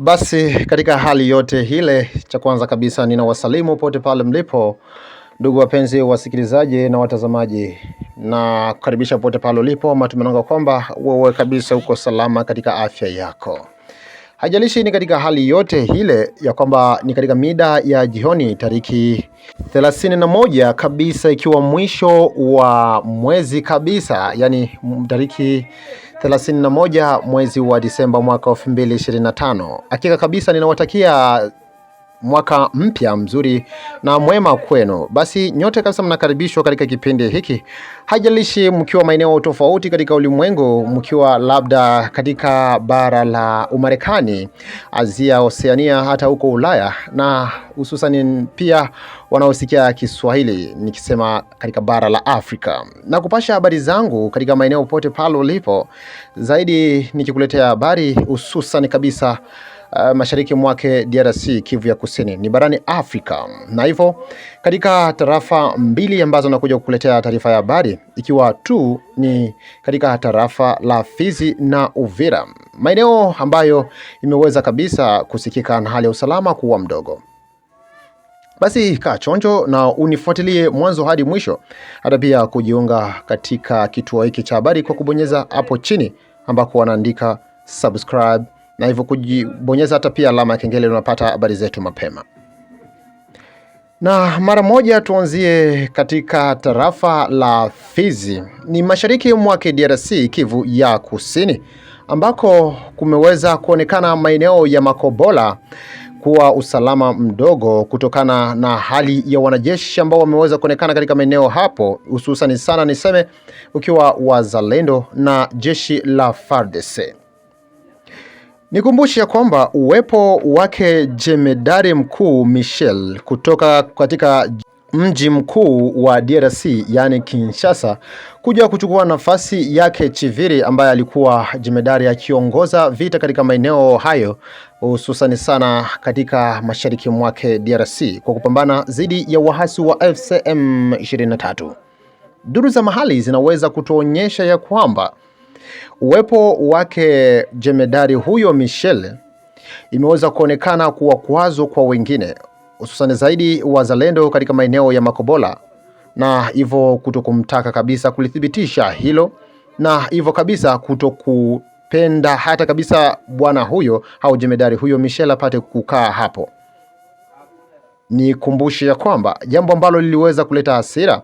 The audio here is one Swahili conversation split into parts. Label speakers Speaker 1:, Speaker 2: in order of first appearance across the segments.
Speaker 1: Basi katika hali yote hile, cha kwanza kabisa ninawasalimu pote pale mlipo, ndugu wapenzi wasikilizaji na watazamaji, na kukaribisha pote pale ulipo. Matumaini yangu kwamba wewe kabisa uko salama katika afya yako, hajalishi ni katika hali yote hile ya kwamba ni katika mida ya jioni, tariki 31 kabisa, ikiwa mwisho wa mwezi kabisa, yani tariki 31 mwezi wa Disemba mwaka 2025. Hakika kabisa ninawatakia mwaka mpya mzuri na mwema kwenu. Basi nyote kabisa mnakaribishwa katika kipindi hiki, hajalishi mkiwa maeneo tofauti katika ulimwengu, mkiwa labda katika bara la Umarekani, Asia, Oceania, hata huko Ulaya na hususan pia wanaosikia Kiswahili nikisema katika bara la Afrika na kupasha habari zangu katika maeneo popote pale ulipo, zaidi nikikuletea habari hususan kabisa Uh, mashariki mwake DRC, Kivu ya Kusini, ni barani Afrika. Na hivyo katika tarafa mbili ambazo nakuja kukuletea taarifa ya habari, ikiwa tu ni katika tarafa la Fizi na Uvira, maeneo ambayo imeweza kabisa kusikika na hali ya usalama kuwa mdogo. Basi kaa chonjo na unifuatilie mwanzo hadi mwisho, hata pia kujiunga katika kituo hiki cha habari kwa kubonyeza hapo chini ambako wanaandika subscribe na hivyo kujibonyeza hata pia alama ya kengele, unapata habari zetu mapema na mara moja. Tuanzie katika tarafa la Fizi, ni mashariki mwake DRC, Kivu ya Kusini, ambako kumeweza kuonekana maeneo ya Makobola kuwa usalama mdogo kutokana na hali ya wanajeshi ambao wameweza kuonekana katika maeneo hapo, hususani sana niseme ukiwa wazalendo na jeshi la FARDC. Nikumbushe kwamba uwepo wake Jemedari Mkuu Michel kutoka katika mji mkuu wa DRC yaani Kinshasa kuja kuchukua nafasi yake Chiviri ambaye alikuwa jemedari akiongoza vita katika maeneo hayo hususani sana katika mashariki mwake DRC kwa kupambana dhidi ya waasi wa FCM 23. Duru za mahali zinaweza kutuonyesha ya kwamba Uwepo wake jemedari huyo Michel imeweza kuonekana kuwa kwazo kwa wengine, hususani zaidi wazalendo katika maeneo ya Makobola, na hivyo kutokumtaka kabisa kulithibitisha hilo, na hivyo kabisa kutokupenda hata kabisa bwana huyo au jemedari huyo Michel apate kukaa hapo ni kumbushi ya kwamba jambo ambalo liliweza kuleta hasira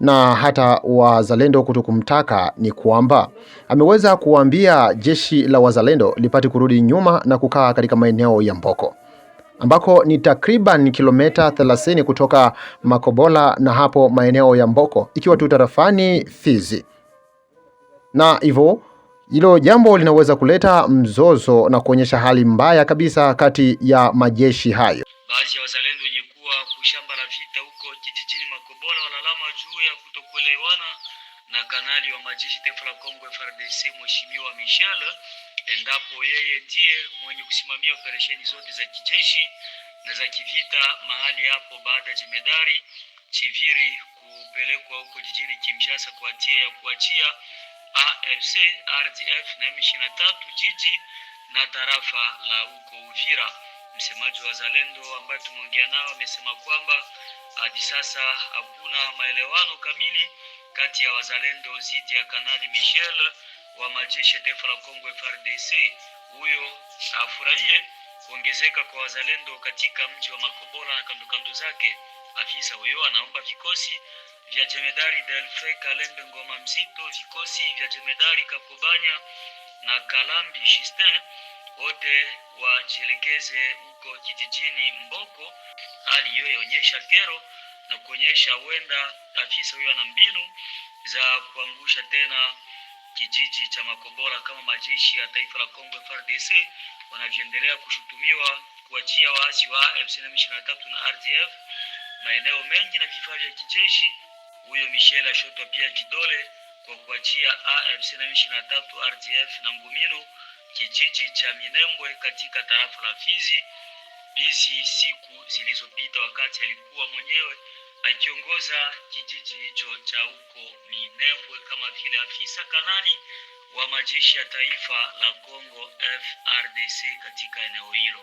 Speaker 1: na hata wazalendo kutokumtaka ni kwamba ameweza kuambia jeshi la wazalendo lipate kurudi nyuma na kukaa katika maeneo ya Mboko ambako ni takriban kilomita 30 kutoka Makobola na hapo maeneo ya Mboko ikiwa tu tarafani Fizi, na hivyo hilo jambo linaweza kuleta mzozo na kuonyesha hali mbaya kabisa kati ya majeshi hayo.
Speaker 2: kuelewana na kanali wa majeshi taifa la Kongo frdc Mheshimiwa michel endapo yeye ndiye mwenye kusimamia operesheni zote za kijeshi na za kivita mahali hapo, baada ya jemedari Chiviri kupelekwa huko jijini Kinshasa kwa tia ya kuachia AFC RDF na M23 jiji na tarafa la huko Uvira. Msemaji wa Zalendo ambaye tumeongea nao amesema kwamba hadi sasa hakuna maelewano kamili kati ya wazalendo dhidi ya Kanali Michel wa majeshi ya taifa la Kongo FRDC. Huyo afurahie kuongezeka kwa wazalendo katika mji wa Makobola na kandokando zake. Afisa huyo anaomba vikosi vya jemedari Delfe Kalembe Ngoma Mzito, vikosi vya jemedari Kakobanya na Kalambi Justin wote wajielekeze huko kijijini Mboko. Hali hiyo yaonyesha kero na kuonyesha huenda afisa huyo ana mbinu za kuangusha tena kijiji cha Makobola kama majeshi ya taifa la Kongo FARDC wanavyoendelea kushutumiwa kuachia waasi wa M23 na RDF maeneo mengi na vifaa vya kijeshi. Huyo Michel ashotwa pia kidole kwa kuachia AFC M23 RDF na ngumino kijiji cha Minembwe katika tarafa la Fizi hizi siku zilizopita, wakati alikuwa mwenyewe akiongoza kijiji hicho cha huko Minembwe kama vile afisa kanali wa majeshi ya taifa la Kongo FRDC katika eneo hilo.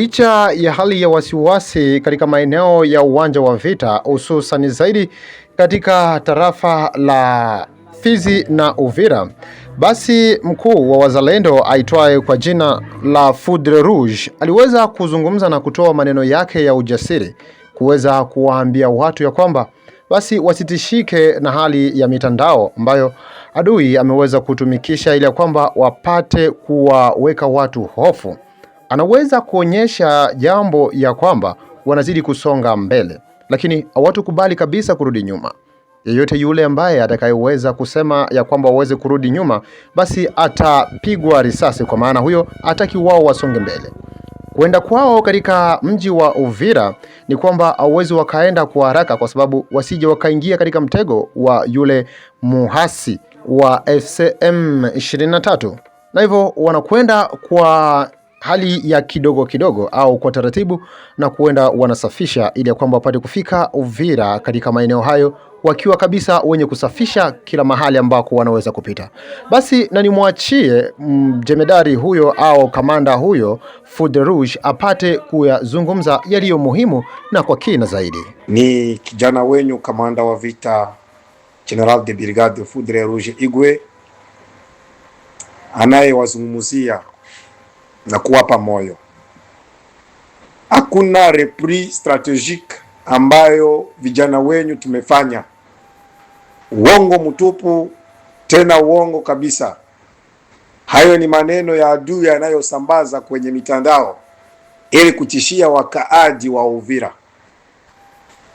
Speaker 1: Licha ya hali ya wasiwasi katika maeneo ya uwanja wa vita, hususani zaidi katika tarafa la Fizi na Uvira basi mkuu wa wazalendo aitwaye kwa jina la Foudre Rouge aliweza kuzungumza na kutoa maneno yake ya ujasiri kuweza kuwaambia watu ya kwamba basi wasitishike na hali ya mitandao ambayo adui ameweza kutumikisha ili ya kwamba wapate kuwaweka watu hofu. Anaweza kuonyesha jambo ya kwamba wanazidi kusonga mbele, lakini hawatukubali kabisa kurudi nyuma. Yeyote yule ambaye atakayeweza kusema ya kwamba waweze kurudi nyuma, basi atapigwa risasi, kwa maana huyo hataki wao wasonge mbele. Kuenda kwao katika mji wa Uvira ni kwamba hawawezi wakaenda kwa haraka, kwa sababu wasije wakaingia katika mtego wa yule muhasi wa FCM 23 na hivyo wanakwenda kwa hali ya kidogo kidogo au kwa taratibu, na kuenda wanasafisha ili ya kwamba wapate kufika Uvira katika maeneo hayo wakiwa kabisa wenye kusafisha kila mahali ambako wanaweza kupita. Basi na nimwachie mm, jemedari huyo au kamanda huyo Food Rouge apate kuyazungumza yaliyo muhimu na kwa kina zaidi.
Speaker 3: Ni kijana wenyu kamanda wa vita General de Brigade Food Rouge Igwe anayewazungumzia na kuwapa moyo. Hakuna repli strategique ambayo vijana wenyu tumefanya. Uongo mtupu, tena uongo kabisa. Hayo ni maneno ya adui yanayosambaza kwenye mitandao ili kutishia wakaaji wa Uvira.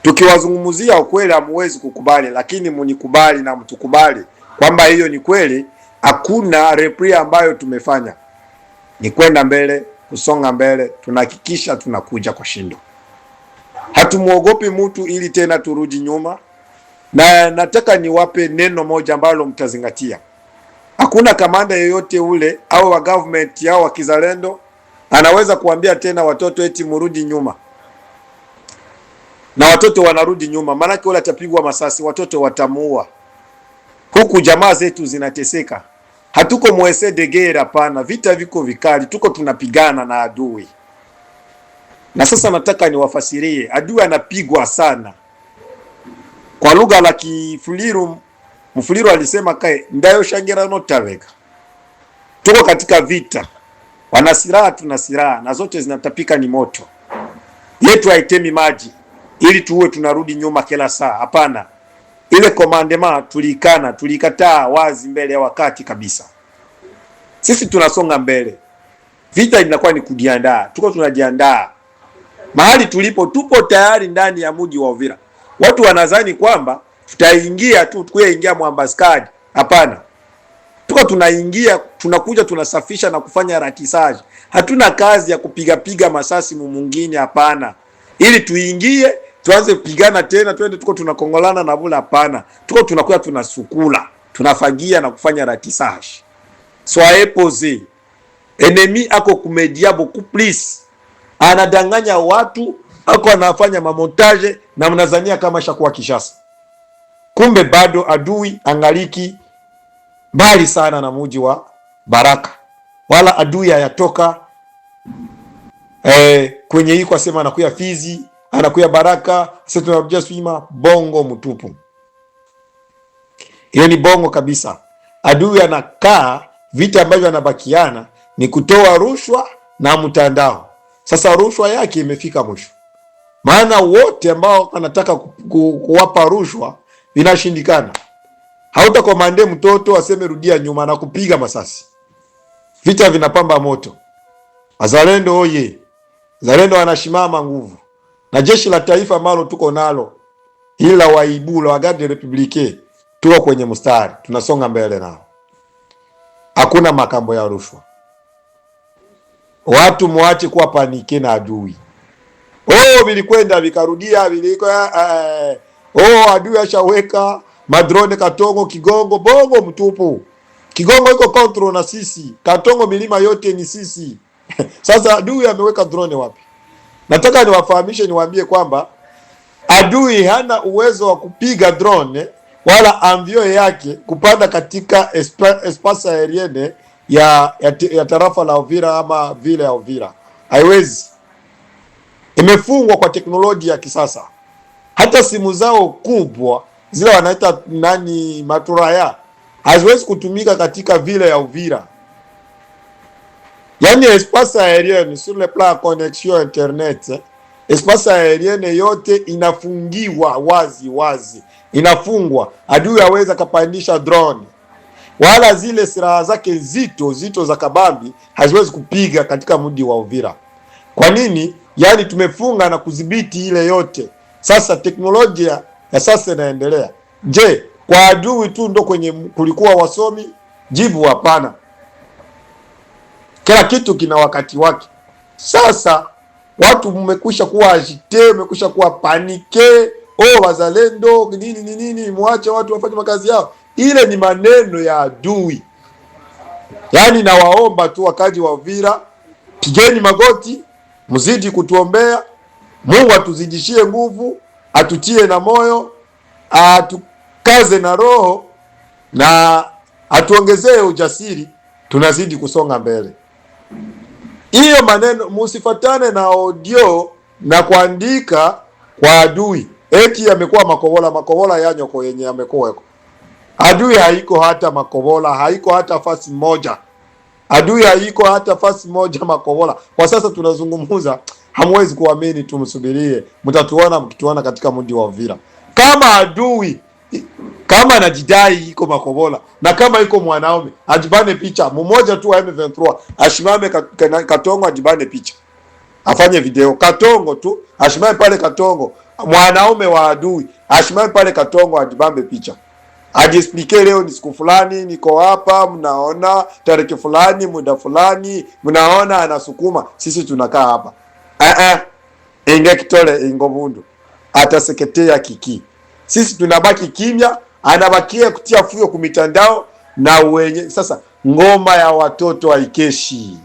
Speaker 3: Tukiwazungumzia ukweli, hamuwezi kukubali, lakini munikubali na mtukubali kwamba hiyo ni kweli. Hakuna repria ambayo tumefanya, ni kwenda mbele, kusonga mbele, tunahakikisha tunakuja kwa shindo hatumwogopi mtu ili tena turudi nyuma. Na nataka niwape neno moja ambalo mtazingatia. Hakuna kamanda yeyote ule au wa government au wa kizalendo anaweza kuambia tena watoto eti murudi nyuma, na watoto wanarudi nyuma, maanake ule atapigwa masasi, watoto watamuua. Huku jamaa zetu zinateseka, hatuko mwese degera, hapana. Vita viko vikali, tuko tunapigana na adui. Na sasa nataka niwafasirie, adui anapigwa sana kwa lugha la Kifuliru. Mfuliru alisema kae ndayo shangira notaweka, tuko katika vita, wana silaha, tuna silaha na zote zinatapika, ni moto yetu, haitemi maji ili tuwe tunarudi nyuma kila saa. Hapana, ile commandement tulikana, tulikataa wazi mbele ya wakati kabisa. Sisi tunasonga mbele, vita inakuwa ni kujiandaa, tuko tunajiandaa mahali tulipo, tupo tayari ndani ya mji wa Uvira. Watu wanadhani kwamba tutaingia tu kuingia Mwambaskadi. Hapana, tuko tunaingia, tunakuja, tunasafisha na kufanya ratisaji. Hatuna kazi ya kupigapiga masasi mumungine, hapana, ili tuingie tuanze kupigana tena, twende tuko tunakongolana na bula. hapana. Tuko tunakuwa tunasukula, tunafagia na kufanya ratisaji. Soyez posé. enemi ako kumedia beaucoup plus anadanganya watu ako anafanya mamontaje na mnazania kama shakuwa Kishasa, kumbe bado adui angaliki mbali sana na muji wa Baraka, wala adui hayatoka eh, kwenye hii kwasema anakuya Fizi anakuya Baraka, sasa tunarudia swima bongo mtupu. Hiyo ni bongo kabisa. Adui anakaa vita ambavyo anabakiana ni kutoa rushwa na mtandao sasa rushwa yake imefika mwisho, maana wote ambao anataka kuwapa rushwa vinashindikana. Hautakomande mtoto aseme rudia nyuma na kupiga masasi. Vita vinapamba moto. azalendo oye! Wazalendo anashimama nguvu na jeshi la taifa ambalo tuko nalo ila waibu la wagadi republike, tuko kwenye mstari, tunasonga mbele nao, hakuna makambo ya rushwa. Watu mwache kuwa panike na adui. Oh, vilikwenda vikarudia viliko eh, eh, oh, adui ashaweka madrone Katongo, Kigongo, bongo mtupu. Kigongo iko control na sisi, Katongo milima yote ni sisi. Sasa adui ameweka drone wapi? Nataka niwafahamishe, niwaambie kwamba adui hana uwezo wa kupiga drone eh, wala amvio yake kupanda katika espasa aeriene ya, ya, ya tarafa la Uvira ama vile ya Uvira haiwezi, imefungwa kwa teknolojia ya kisasa. Hata simu zao kubwa zile wanaita nani maturaya haziwezi kutumika katika vile ya Uvira, yaani espace aerienne sur le plan connexion internet espace aerienne yote inafungiwa wazi wazi, inafungwa. Adui aweza akapandisha drone wala zile silaha zake zito zito za kabambi haziwezi kupiga katika mji wa Uvira. Kwa nini? Yaani tumefunga na kudhibiti ile yote. Sasa teknolojia ya sasa inaendelea. Je, kwa adui tu ndo kwenye kulikuwa wasomi? Jibu, hapana. Kila kitu kina wakati wake. Sasa watu mmekwisha kuwa ajite, mmekwisha kuwa panike, oh wazalendo nini nini, mwache watu wafanye makazi yao. Ile ni maneno ya adui. Yaani nawaomba tu wakaji wa Uvira, pigeni magoti, mzidi kutuombea Mungu atuzidishie nguvu, atutie na moyo, atukaze na roho na atuongezee ujasiri, tunazidi kusonga mbele. Hiyo maneno, musifatane na audio na kuandika kwa adui eti amekuwa makovola makovola yanyoko yenye amekuwa Adui haiko hata Makobola, haiko hata fasi moja. Adui haiko hata fasi moja Makobola. Kwa sasa tunazungumza, hamwezi kuamini, tumsubirie, mtatuona mkituona katika mji wa Uvira. Kama adui kama anajidai iko Makobola na kama iko mwanaume ajibane picha mmoja tu wa M23 ashimame Katongo, ajibane picha afanye video Katongo tu ashimame pale Katongo, mwanaume wa adui ashimame pale Katongo, ajibambe picha ajispike leo ni siku fulani, niko hapa, mnaona tariki fulani, muda fulani, mnaona anasukuma, sisi tunakaa hapa. A eh, -uh. Eh. inge kitole ingo bundu ataseketea kiki, sisi tunabaki kimya, anabakia kutia fuyo kumitandao na wenye sasa. Ngoma ya watoto haikeshi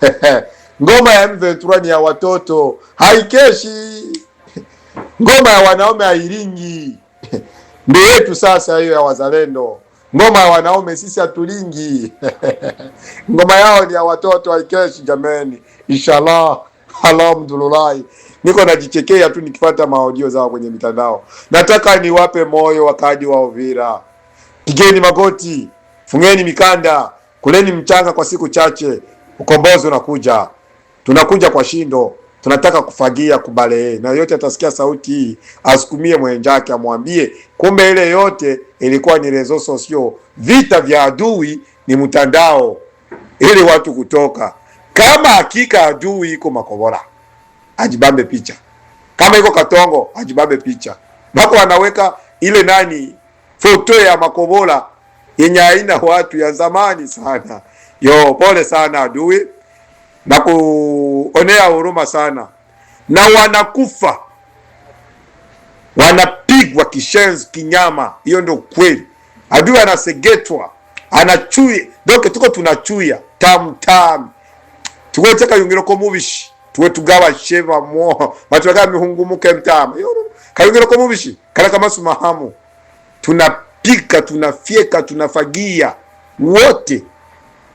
Speaker 3: ngoma ya mventura ni ya watoto haikeshi, ngoma ya wanaume hairingi ndio yetu sasa hiyo ya wazalendo. Ngoma ya wanaume sisi hatulingi ngoma yao ni ya watoto haikeshi. Jameni, inshallah, alhamdulillah, niko najichekea tu nikifuata maojio zao kwenye mitandao. Nataka niwape moyo wakaji wa Uvira, pigeni magoti, fungeni mikanda, kuleni mchanga kwa siku chache. Ukombozi unakuja, tunakuja kwa shindo tunataka kufagia kubale na yote atasikia sauti hii, asukumie mwenjake, amwambie kumbe ile yote ilikuwa ni rezo sosio vita vya adui, ni mtandao ili watu kutoka. Kama hakika adui iko Makobola, ajibambe picha. Kama iko Katongo, ajibambe picha. Bako wanaweka ile nani foto ya Makobola yenye aina watu ya zamani sana. Yo, pole sana adui na kuonea huruma sana, na wanakufa wanapigwa kishenzi kinyama. Hiyo ndio kweli, Adui anasegetwa, anachuya doke, tuko tunachuya tamtam tuwe teka yungiro ko mubishi tuwe tugaba sheva mo batuwaga mihungumuke mtama kayungiro ko mubishi kala kama sumahamu tunapika tunafyeka tunafagia wote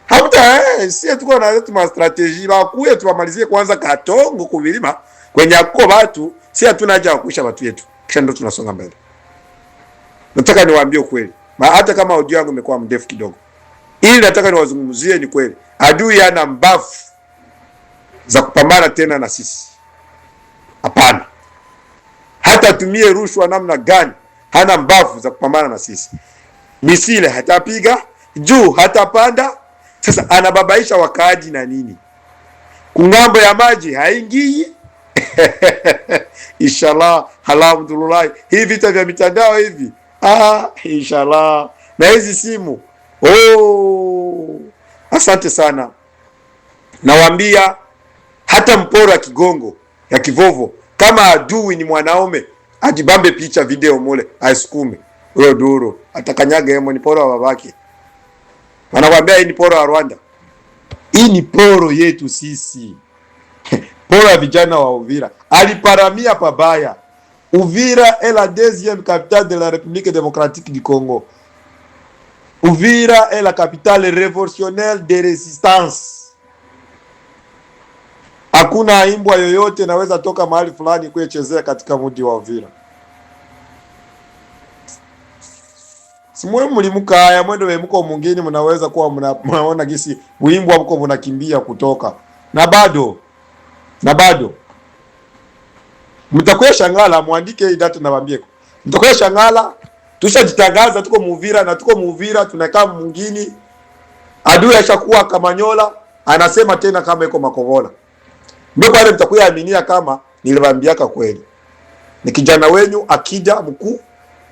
Speaker 3: hakuta eh, sie tuko na letu ma strategy tu tubamalizie kwanza katongo kuvilima kwenye ako watu sie hatuna haja kuisha watu yetu, kisha ndo tunasonga mbele. Nataka niwaambie kweli, hata kama audio yangu imekuwa mdefu kidogo, ili nataka niwazungumzie ni kweli, adui hana mbavu za kupambana tena na sisi. Hapana, hata atumie rushwa namna gani, hana mbavu za kupambana na sisi. Misile hatapiga juu, hatapanda sasa anababaisha wakaaji na nini? Kungambo ya maji haingii inshallah, alhamdulillah. Hii vita vya mitandao hivi, ah, inshallah na hizi simu oh. Asante sana, nawaambia hata mporo ya kigongo ya kivovo, kama adui ni mwanaume ajibambe picha video mule aisukume huyo duro atakanyaga yemo ni pora wa babake. Wanakwambia hii ni poro ya Rwanda. Hii ni poro yetu sisi, poro ya vijana wa Uvira. Aliparamia pabaya. Uvira est la deuxième capitale de la République démocratique du Congo. Uvira est la capitale révolutionnaire de résistance. Hakuna imbwa yoyote naweza toka mahali fulani kuyechezea katika mji wa Uvira. simwe mlimkaya mwendo we mko mungini, mnaweza kuwa mnaona gisi wimbo mko mnakimbia kutoka na bado na bado mtakuwa shangala, mwandike idata na bambieko, mtakuwa shangala. Tushajitangaza tuko Muvira na tuko Muvira tunakaa mungini, adui ashakuwa Kamanyola, anasema tena kama iko makovola ndio pale mtakuwa aminia kama nilivambiaka kweli, ni kijana wenyu akija mkuu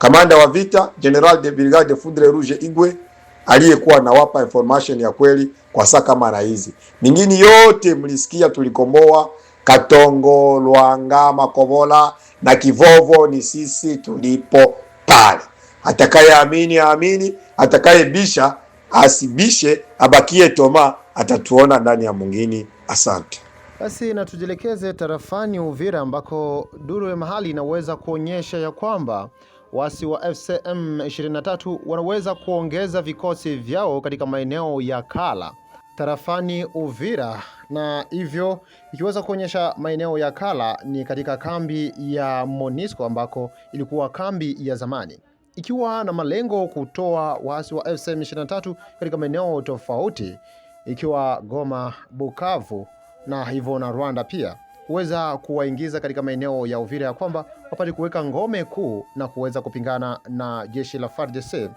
Speaker 3: Kamanda wa vita General de Brigade Foudre Rouge Igwe aliyekuwa anawapa information ya kweli kwa saa kama na hizi. Mingine yote mlisikia, tulikomboa Katongo, Lwanga, Makobola na Kivovo, ni sisi tulipo pale. Atakayeamini aamini, atakayebisha asibishe, abakie Toma, atatuona ndani ya mwingine. Asante.
Speaker 1: Basi na tujielekeze tarafani Uvira ambako duru ya mahali inaweza kuonyesha ya kwamba Waasi wa fcm 23 wanaweza kuongeza vikosi vyao katika maeneo ya Kala tarafani Uvira na hivyo ikiweza kuonyesha maeneo ya Kala ni katika kambi ya Monisco ambako ilikuwa kambi ya zamani, ikiwa na malengo kutoa waasi wa fcm 23 katika maeneo tofauti, ikiwa Goma, Bukavu na hivyo na Rwanda pia kuweza kuwaingiza katika maeneo ya Uvira ya kwamba wapate kuweka ngome kuu na kuweza kupingana na jeshi la FARDC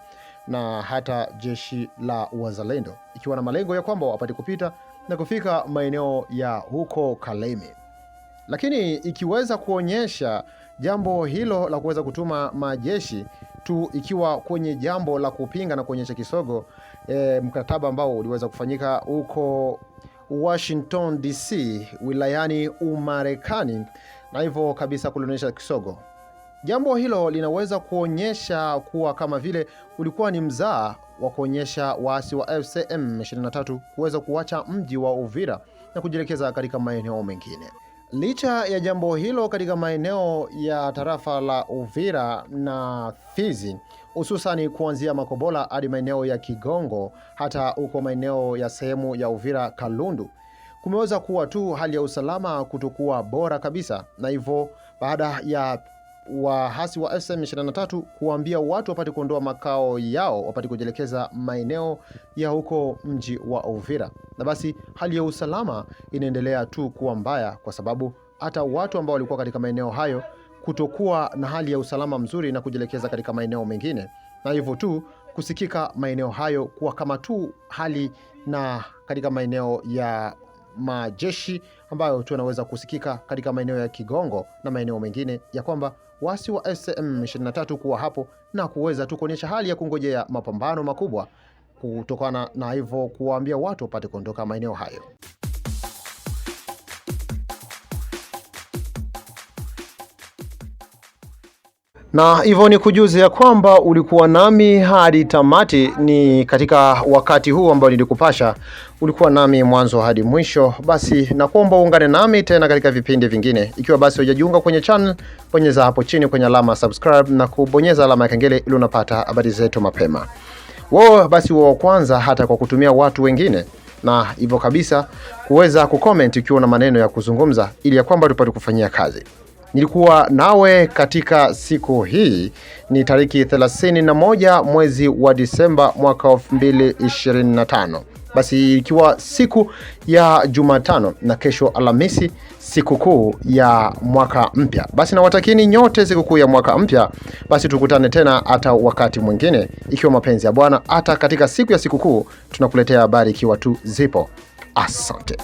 Speaker 1: na hata jeshi la Wazalendo, ikiwa na malengo ya kwamba wapate kupita na kufika maeneo ya huko Kalemi, lakini ikiweza kuonyesha jambo hilo la kuweza kutuma majeshi tu ikiwa kwenye jambo la kupinga na kuonyesha kisogo e, mkataba ambao uliweza kufanyika huko Washington DC wilayani Umarekani na hivyo kabisa kulionyesha kisogo. Jambo hilo linaweza kuonyesha kuwa kama vile ulikuwa ni mzaa wa kuonyesha waasi wa FCM 23 kuweza kuacha mji wa Uvira na kujielekeza katika maeneo mengine. Licha ya jambo hilo, katika maeneo ya tarafa la Uvira na Fizi hususani kuanzia Makobola hadi maeneo ya Kigongo hata huko maeneo ya sehemu ya Uvira Kalundu, kumeweza kuwa tu hali ya usalama kutokuwa bora kabisa, na hivyo baada ya waasi wa M23 kuwaambia watu wapate kuondoa makao yao, wapate kujielekeza maeneo ya huko mji wa Uvira. Na basi hali ya usalama inaendelea tu kuwa mbaya, kwa sababu hata watu ambao walikuwa katika maeneo hayo kutokuwa na hali ya usalama mzuri na kujielekeza katika maeneo mengine, na hivyo tu kusikika maeneo hayo kuwa kama tu hali na katika maeneo ya majeshi ambayo tunaweza kusikika katika maeneo ya Kigongo na maeneo mengine ya kwamba wasi wa SM23 kuwa hapo na kuweza tu kuonyesha hali ya kungojea mapambano makubwa, kutokana na hivyo kuwaambia watu wapate kuondoka maeneo hayo. na hivyo ni kujuzi ya kwamba ulikuwa nami hadi tamati. Ni katika wakati huu ambao nilikupasha ulikuwa nami mwanzo hadi mwisho, basi na kuomba uungane nami tena katika vipindi vingine. Ikiwa basi hujajiunga kwenye channel, bonyeza hapo chini kwenye alama subscribe na kubonyeza alama ya kengele ili unapata habari zetu mapema. Wewe basi wewe wa kwanza hata kwa kutumia watu wengine na hivyo kabisa kuweza kucomment ukiwa na maneno ya kuzungumza ili ya kwamba tupate kufanyia kazi. Nilikuwa nawe katika siku hii, ni tariki 31 mwezi wa Disemba mwaka 2025. Basi ikiwa siku ya Jumatano na kesho Alhamisi, sikukuu ya mwaka mpya, basi nawatakieni nyote sikukuu ya mwaka mpya. Basi tukutane tena hata wakati mwingine, ikiwa mapenzi ya Bwana, hata katika siku ya sikukuu tunakuletea habari ikiwa tu zipo. Asante.